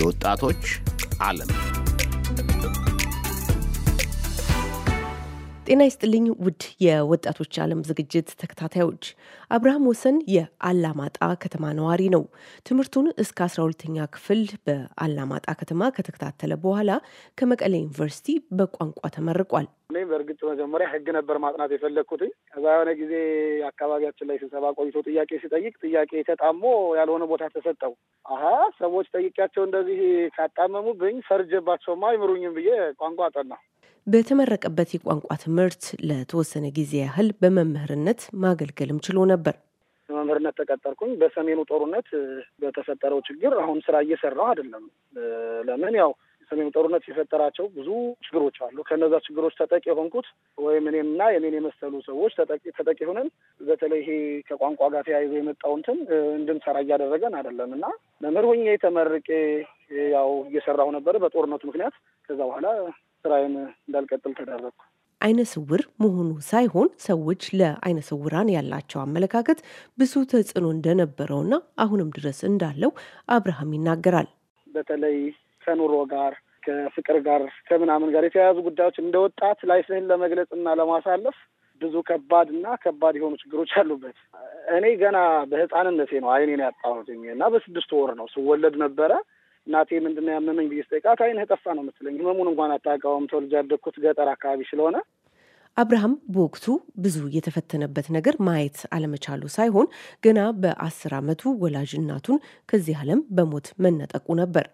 የወጣቶች ዓለም ጤና ይስጥልኝ ውድ የወጣቶች ዓለም ዝግጅት ተከታታዮች፣ አብርሃም ወሰን የአላማጣ ከተማ ነዋሪ ነው። ትምህርቱን እስከ 12ኛ ክፍል በአላማጣ ከተማ ከተከታተለ በኋላ ከመቀሌ ዩኒቨርሲቲ በቋንቋ ተመርቋል። እኔ በእርግጥ መጀመሪያ ሕግ ነበር ማጥናት የፈለግኩትኝ። ከዛ የሆነ ጊዜ አካባቢያችን ላይ ስብሰባ ቆይቶ ጥያቄ ሲጠይቅ ጥያቄ ተጣሞ ያልሆነ ቦታ ተሰጠው። አሀ ሰዎች ጠይቄያቸው እንደዚህ ካጣመሙብኝ ሰርጀባቸውማ አይምሩኝም ብዬ ቋንቋ አጠና በተመረቀበት የቋንቋ ትምህርት ለተወሰነ ጊዜ ያህል በመምህርነት ማገልገልም ችሎ ነበር። በመምህርነት ተቀጠርኩኝ። በሰሜኑ ጦርነት በተፈጠረው ችግር አሁን ስራ እየሰራው አይደለም። ለምን ያው ሰሜኑ ጦርነት የፈጠራቸው ብዙ ችግሮች አሉ። ከነዛ ችግሮች ተጠቂ የሆንኩት ወይም እኔምና የኔን የመሰሉ ሰዎች ተጠቂ ሆነን በተለይ ይሄ ከቋንቋ ጋር ተያይዞ የመጣውንትን እንድንሰራ እያደረገን አይደለም እና መምህር ሆኜ ተመርቄ ያው እየሰራሁ ነበር በጦርነቱ ምክንያት። ከዛ በኋላ ስራዬን እንዳልቀጥል ተደረግኩ። አይነ ስውር መሆኑ ሳይሆን ሰዎች ለአይነ ስውራን ያላቸው አመለካከት ብዙ ተጽዕኖ እንደነበረውና አሁንም ድረስ እንዳለው አብርሃም ይናገራል። በተለይ ከኑሮ ጋር ከፍቅር ጋር ከምናምን ጋር የተያያዙ ጉዳዮች እንደ ወጣት ላይፍህን ለመግለጽ እና ለማሳለፍ ብዙ ከባድ እና ከባድ የሆኑ ችግሮች አሉበት። እኔ ገና በህፃንነቴ ነው አይኔን ያጣሁት እና በስድስት ወር ነው ስወለድ ነበረ እናቴ ምንድነው ያመመኝ ብዬ ስጠይቃት ዓይንህ ጠፋ ነው መሰለኝ ህመሙን እንኳን አታውቀውም ተወልጄ ያደግኩት ገጠር አካባቢ ስለሆነ አብርሃም በወቅቱ ብዙ የተፈተነበት ነገር ማየት አለመቻሉ ሳይሆን ገና በአስር ዓመቱ ወላጅ እናቱን ከዚህ ዓለም በሞት መነጠቁ ነበር።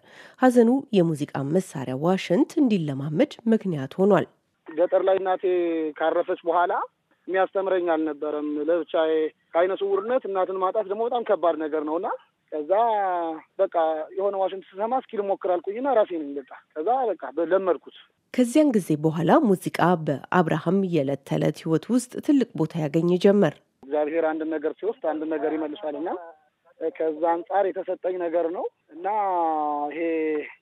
ሐዘኑ የሙዚቃ መሳሪያ ዋሽንት እንዲለማመድ ምክንያት ሆኗል። ገጠር ላይ እናቴ ካረፈች በኋላ የሚያስተምረኝ አልነበረም። ለብቻዬ ከአይነ ስውርነት እናትን ማጣት ደግሞ በጣም ከባድ ነገር ነውና ከዛ በቃ የሆነ ዋሽንት ስሰማ እስኪል ሞክር አልኩኝና ራሴ ነኝ በቃ ከዛ በቃ ለመድኩት። ከዚያን ጊዜ በኋላ ሙዚቃ በአብርሃም የዕለት ተዕለት ህይወት ውስጥ ትልቅ ቦታ ያገኘ ጀመር። እግዚአብሔር አንድ ነገር ሲወስድ አንድ ነገር ይመልሳልና ከዛ አንጻር የተሰጠኝ ነገር ነው እና ይሄ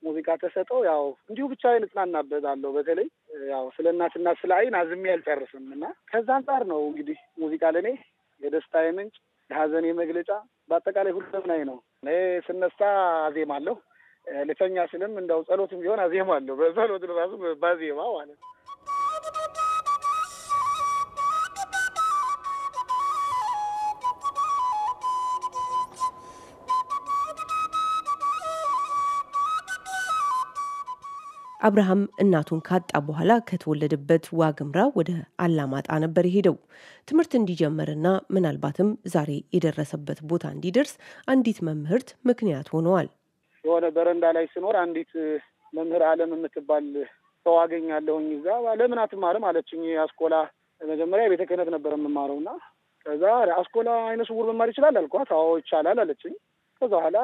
ሙዚቃ ተሰጠው ያው እንዲሁ ብቻዬን እጽናናበታለሁ። በተለይ ያው ስለ እናትና ስለ አይን አዝሜ አልጨርስም እና ከዛ አንጻር ነው እንግዲህ ሙዚቃ ለእኔ የደስታ የምንጭ የሀዘን መግለጫ በአጠቃላይ ሁሉም ናይ ነው። እኔ ስነሳ አዜማለሁ፣ ልተኛ ስልም እንደው ጸሎትም ቢሆን አዜማለሁ። በጸሎት ራሱ ባዜማ ማለት ነው። አብርሃም እናቱን ካጣ በኋላ ከተወለደበት ዋግምራ ወደ አላማጣ ነበር የሄደው። ትምህርት እንዲጀመርና ምናልባትም ዛሬ የደረሰበት ቦታ እንዲደርስ አንዲት መምህርት ምክንያት ሆነዋል። የሆነ በረንዳ ላይ ስኖር አንዲት መምህር አለም የምትባል ሰው አገኛለሁኝ። እዛ ለምን አትማርም አለችኝ። አስኮላ መጀመሪያ የቤተ ክህነት ነበር የምማረው እና ከዛ አስኮላ አይነ ስውር መማር ይችላል አልኳት። አዎ ይቻላል አለችኝ። ከዛ በኋላ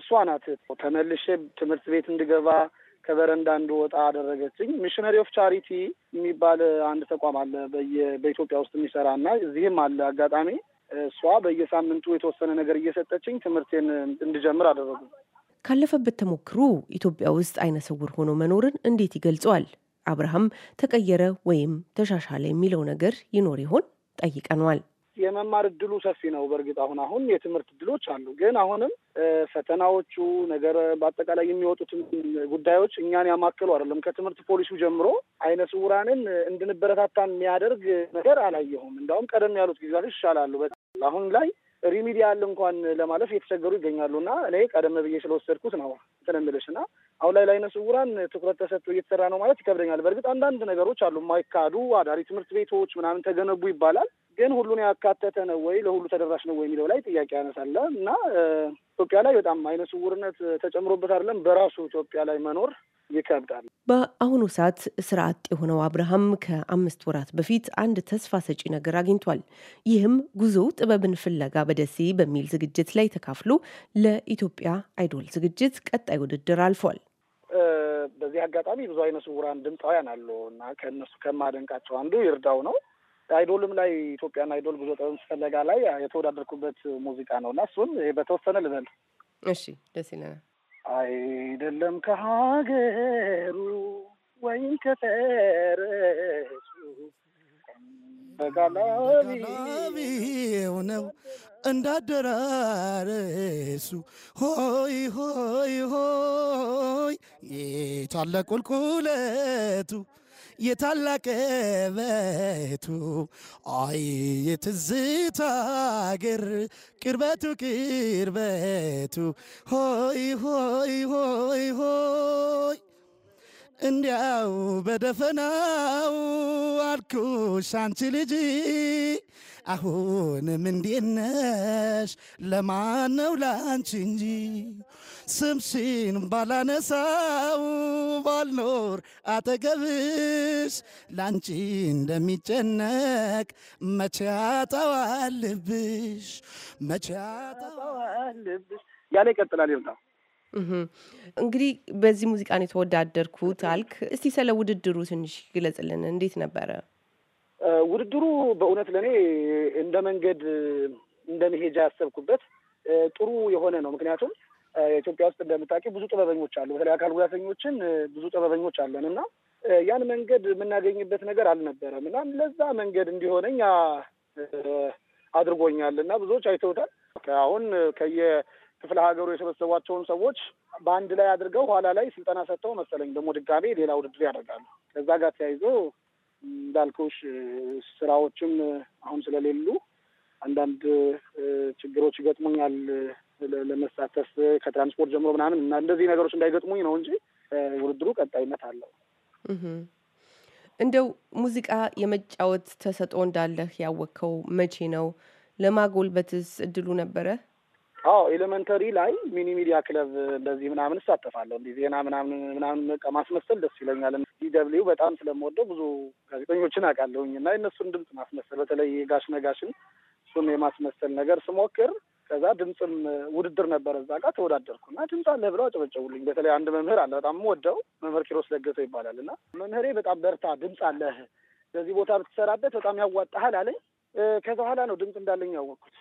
እሷ ናት ተመልሼ ትምህርት ቤት እንድገባ ከበረንዳ እንድወጣ አደረገችኝ። ሚሽነሪ ኦፍ ቻሪቲ የሚባል አንድ ተቋም አለ በኢትዮጵያ ውስጥ የሚሰራ እና እዚህም አለ አጋጣሚ እሷ በየሳምንቱ የተወሰነ ነገር እየሰጠችኝ ትምህርቴን እንድጀምር አደረጉ። ካለፈበት ተሞክሮ ኢትዮጵያ ውስጥ አይነ ስውር ሆኖ መኖርን እንዴት ይገልጸዋል? አብርሃም ተቀየረ ወይም ተሻሻለ የሚለው ነገር ይኖር ይሆን ጠይቀነዋል። የመማር እድሉ ሰፊ ነው። በእርግጥ አሁን አሁን የትምህርት እድሎች አሉ፣ ግን አሁንም ፈተናዎቹ ነገር በአጠቃላይ የሚወጡትን ጉዳዮች እኛን ያማከሉ አይደለም። ከትምህርት ፖሊሲው ጀምሮ አይነ ስውራንን እንድንበረታታ የሚያደርግ ነገር አላየሁም። እንዲያውም ቀደም ያሉት ጊዜያቶች ይሻላሉ። አሁን ላይ ሪሚዲያል እንኳን ለማለፍ እየተቸገሩ ይገኛሉ። እና እኔ ቀደም ብዬ ስለወሰድኩት ነው ትንምልሽ እና አሁን ላይ ለዓይነ ስውራን ትኩረት ተሰጥቶ እየተሰራ ነው ማለት ይከብደኛል። በእርግጥ አንዳንድ ነገሮች አሉ የማይካዱ አዳሪ ትምህርት ቤቶች ምናምን ተገነቡ ይባላል። ግን ሁሉን ያካተተ ነው ወይ ለሁሉ ተደራሽ ነው ወይ የሚለው ላይ ጥያቄ ያነሳለ እና ኢትዮጵያ ላይ በጣም አይነ ስውርነት ተጨምሮበት አይደለም በራሱ ኢትዮጵያ ላይ መኖር ይከብዳል። በአሁኑ ሰዓት ስራ አጥ የሆነው አብርሃም ከአምስት ወራት በፊት አንድ ተስፋ ሰጪ ነገር አግኝቷል። ይህም ጉዞው ጥበብን ፍለጋ በደሴ በሚል ዝግጅት ላይ ተካፍሎ ለኢትዮጵያ አይዶል ዝግጅት ቀጣይ ውድድር አልፏል። በዚህ አጋጣሚ ብዙ አይነ ስውራን ድምፃውያን አሉ እና ከእነሱ ከማደንቃቸው አንዱ ይርዳው ነው። አይዶልም ላይ ኢትዮጵያን አይዶል ብዙ ጥበብ ፈለጋ ላይ የተወዳደርኩበት ሙዚቃ ነው እና እሱን በተወሰነ ልበል። እሺ፣ ደስ ይለናል። አይደለም ከሀገሩ ወይም ከተረሱ በጋላቢው ነው እንዳደራረሱ ሆይ ሆይ ሆይ የታለቁልቁለቱ የታላቀ በቱ አይ የትዝታ አገር ቅርበቱ ቅርበቱ ሆይ ሆይ ሆይ ሆይ እንዲያው በደፈናው አልኩሽ አንቺ ልጅ አሁንም እንዴት ነሽ? ለማን ነው ለአንቺ እንጂ ስምሽን ባላነሳው ባልኖር አጠገብሽ ላንቺ እንደሚጨነቅ መቼ አጣዋልብሽ መቼ አጣዋልብሽ ያለ ይቀጥላል ይምጣ። እንግዲህ በዚህ ሙዚቃ ነው የተወዳደርኩት አልክ። እስቲ ስለ ውድድሩ ትንሽ ግለጽልን፣ እንዴት ነበረ ውድድሩ? በእውነት ለእኔ እንደ መንገድ እንደ መሄጃ ያሰብኩበት ጥሩ የሆነ ነው። ምክንያቱም ኢትዮጵያ ውስጥ እንደምታውቂው ብዙ ጥበበኞች አሉ። በተለይ አካል ጉዳተኞችን ብዙ ጥበበኞች አለን እና ያን መንገድ የምናገኝበት ነገር አልነበረም እና ለዛ መንገድ እንዲሆነኝ አድርጎኛል እና ብዙዎች አይተውታል። አሁን ከየክፍለ ሀገሩ የሰበሰቧቸውን ሰዎች በአንድ ላይ አድርገው ኋላ ላይ ስልጠና ሰጥተው መሰለኝ ደግሞ ድጋሜ ሌላ ውድድር ያደርጋሉ። ከዛ ጋር ተያይዞ እንዳልኩሽ ስራዎችም አሁን ስለሌሉ አንዳንድ ችግሮች ይገጥሙኛል ለመሳተፍ ከትራንስፖርት ጀምሮ ምናምን እና እንደዚህ ነገሮች እንዳይገጥሙኝ ነው እንጂ ውድድሩ ቀጣይነት አለው። እንደው ሙዚቃ የመጫወት ተሰጥኦ እንዳለህ ያወቅከው መቼ ነው? ለማጎልበትስ እድሉ ነበረ? አዎ ኤሌመንተሪ ላይ ሚኒ ሚዲያ ክለብ እንደዚህ ምናምን እሳተፋለሁ። እንዲህ ዜና ምናምን ምናምን በቃ ማስመሰል ደስ ይለኛል። ዲ በጣም ስለምወደው ብዙ ጋዜጠኞችን አውቃለሁኝ እና የእነሱን ድምፅ ማስመሰል በተለይ ጋሽ ነጋሽን እሱን የማስመሰል ነገር ስሞክር ከዛ ድምፅም ውድድር ነበረ እዛ ጋር ተወዳደርኩ እና ድምፅ አለ ብለው አጨበጨቡልኝ። በተለይ አንድ መምህር አለ በጣም ወደው መምህር ኪሮስ ለገሰው ይባላል እና መምህሬ በጣም በርታ፣ ድምፅ አለህ፣ በዚህ ቦታ ብትሰራበት በጣም ያዋጣሃል አለኝ። ከዛ በኋላ ነው ድምፅ እንዳለኝ ያወቅኩት።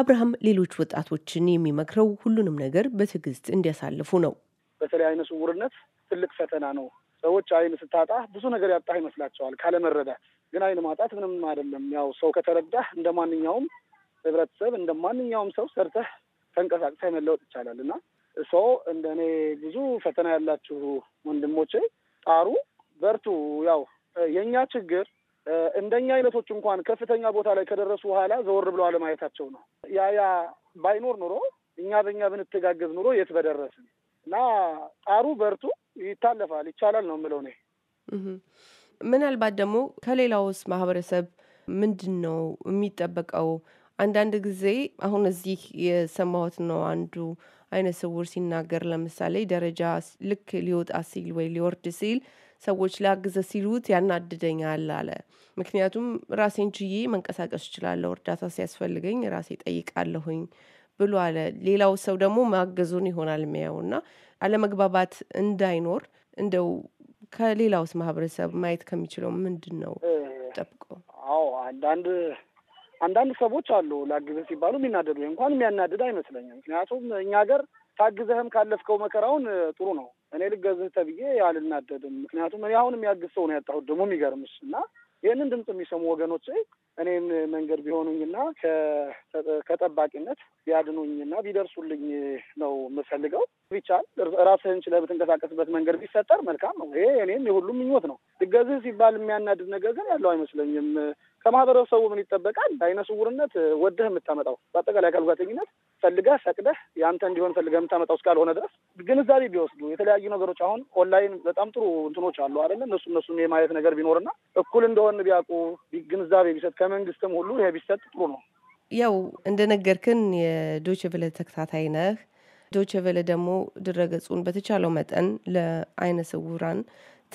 አብርሃም ሌሎች ወጣቶችን የሚመክረው ሁሉንም ነገር በትዕግስት እንዲያሳልፉ ነው። በተለይ አይነ ስውርነት ትልቅ ፈተና ነው። ሰዎች አይን ስታጣ ብዙ ነገር ያጣህ ይመስላቸዋል ካለመረዳት። ግን አይን ማጣት ምንም አይደለም። ያው ሰው ከተረዳህ እንደ ማንኛውም ህብረተሰብ እንደ ማንኛውም ሰው ሰርተህ ተንቀሳቅሰህ መለወጥ ይቻላል እና እሶ እንደ እኔ ብዙ ፈተና ያላችሁ ወንድሞቼ ጣሩ፣ በርቱ። ያው የእኛ ችግር እንደኛ አይነቶች እንኳን ከፍተኛ ቦታ ላይ ከደረሱ በኋላ ዘወር ብለው አለማየታቸው ነው። ያ ያ ባይኖር ኑሮ እኛ በእኛ ብንተጋገዝ ኑሮ የት በደረስን እና ጣሩ፣ በርቱ። ይታለፋል፣ ይቻላል ነው የምለው እኔ። ምናልባት ደግሞ ከሌላውስ ማህበረሰብ ምንድን ነው የሚጠበቀው? አንዳንድ ጊዜ አሁን እዚህ የሰማሁት ነው አንዱ አይነ ስውር ሲናገር ለምሳሌ ደረጃ ልክ ሊወጣ ሲል ወይ ሊወርድ ሲል ሰዎች ላግዘ ሲሉት ያናድደኛል አለ። ምክንያቱም ራሴን ችዬ መንቀሳቀስ እችላለሁ፣ እርዳታ ሲያስፈልገኝ ራሴ ጠይቃለሁኝ ብሎ አለ። ሌላው ሰው ደግሞ ማገዙን ይሆናል የሚያየው እና አለመግባባት እንዳይኖር እንደው ከሌላውስ ማህበረሰብ ማየት ከሚችለው ምንድን ነው ጠብቀው? አዎ አንዳንድ አንዳንድ ሰዎች አሉ ላግዝህ ሲባሉ የሚናደዱ። እንኳን የሚያናድድ አይመስለኝም። ምክንያቱም እኛ ሀገር ታግዘህም ካለፍከው መከራውን ጥሩ ነው። እኔ ልገዝህ ተብዬ አልናደድም። ምክንያቱም እኔ አሁን የሚያግዝ ሰው ነው ያጣሁት። ደግሞ የሚገርምሽ እና ይህንን ድምፅ የሚሰሙ ወገኖች እኔም መንገድ ቢሆኑኝና ከጠባቂነት ቢያድኑኝና ቢደርሱልኝ ነው የምፈልገው። ቢቻል ራስህን ችለህ ብትንቀሳቀስበት መንገድ ቢፈጠር መልካም ነው። ይሄ እኔም የሁሉም ምኞት ነው። ልገዝህ ሲባል የሚያናድድ ነገር ግን ያለው አይመስለኝም። ከማህበረሰቡ ምን ይጠበቃል? አይነ ስውርነት ወደህ የምታመጣው በአጠቃላይ አካል ጉዳተኝነት ፈልገህ ፈቅደህ የአንተ እንዲሆን ፈልገህ የምታመጣው እስካልሆነ ድረስ ግንዛቤ ቢወስዱ የተለያዩ ነገሮች አሁን ኦንላይን በጣም ጥሩ እንትኖች አሉ አይደለ? እነሱ እነሱን የማየት ነገር ቢኖርና እኩል እንደሆን ቢያውቁ ግንዛቤ ቢሰጥ ከመንግስትም ሁሉ ይሄ ቢሰጥ ጥሩ ነው። ያው እንደነገርክን የዶች ቨለ ተከታታይ ነህ። ዶች ቨለ ደግሞ ድረገጹን በተቻለው መጠን ለአይነ ስውራን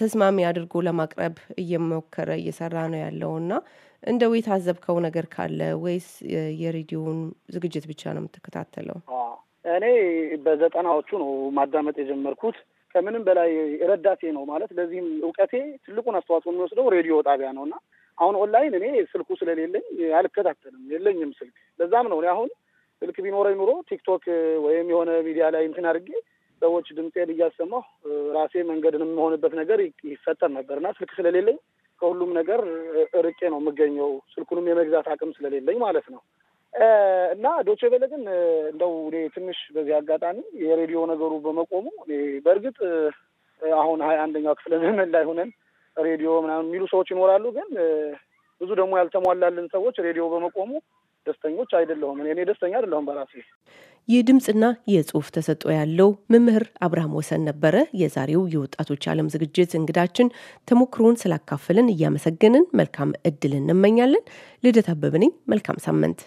ተስማሚ አድርጎ ለማቅረብ እየሞከረ እየሰራ ነው ያለው እና እንደው የታዘብከው ነገር ካለ ወይስ የሬዲዮውን ዝግጅት ብቻ ነው የምትከታተለው? እኔ በዘጠናዎቹ ነው ማዳመጥ የጀመርኩት። ከምንም በላይ ረዳቴ ነው ማለት ለዚህም እውቀቴ ትልቁን አስተዋጽኦ የሚወስደው ሬዲዮ ጣቢያ ነው እና አሁን ኦንላይን እኔ ስልኩ ስለሌለኝ አልከታተልም፣ የለኝም ስልክ። ለዛም ነው እኔ አሁን ስልክ ቢኖረኝ ኑሮ ቲክቶክ ወይም የሆነ ሚዲያ ላይ እንትን አድርጌ ሰዎች ድምፄን እያሰማሁ ራሴ መንገድን የምሆንበት ነገር ይፈጠር እና ስልክ ስለሌለኝ ከሁሉም ነገር ርቄ ነው የምገኘው። ስልኩንም የመግዛት አቅም ስለሌለኝ ማለት ነው። እና ዶቼ ቬለ ግን እንደው እኔ ትንሽ በዚህ አጋጣሚ የሬዲዮ ነገሩ በመቆሙ በእርግጥ አሁን ሀያ አንደኛው ክፍለ ዘመን ላይ ሆነን ሬዲዮ ምናምን የሚሉ ሰዎች ይኖራሉ። ግን ብዙ ደግሞ ያልተሟላልን ሰዎች ሬዲዮ በመቆሙ ደስተኞች አይደለሁም። እኔ ደስተኛ አይደለሁም በራሴ የድምፅና የጽሁፍ ተሰጥኦ ያለው መምህር አብርሃም ወሰን ነበረ የዛሬው የወጣቶች ዓለም ዝግጅት እንግዳችን። ተሞክሮውን ስላካፈልን እያመሰገንን መልካም እድል እንመኛለን። ልደት አበበ ነኝ። መልካም ሳምንት።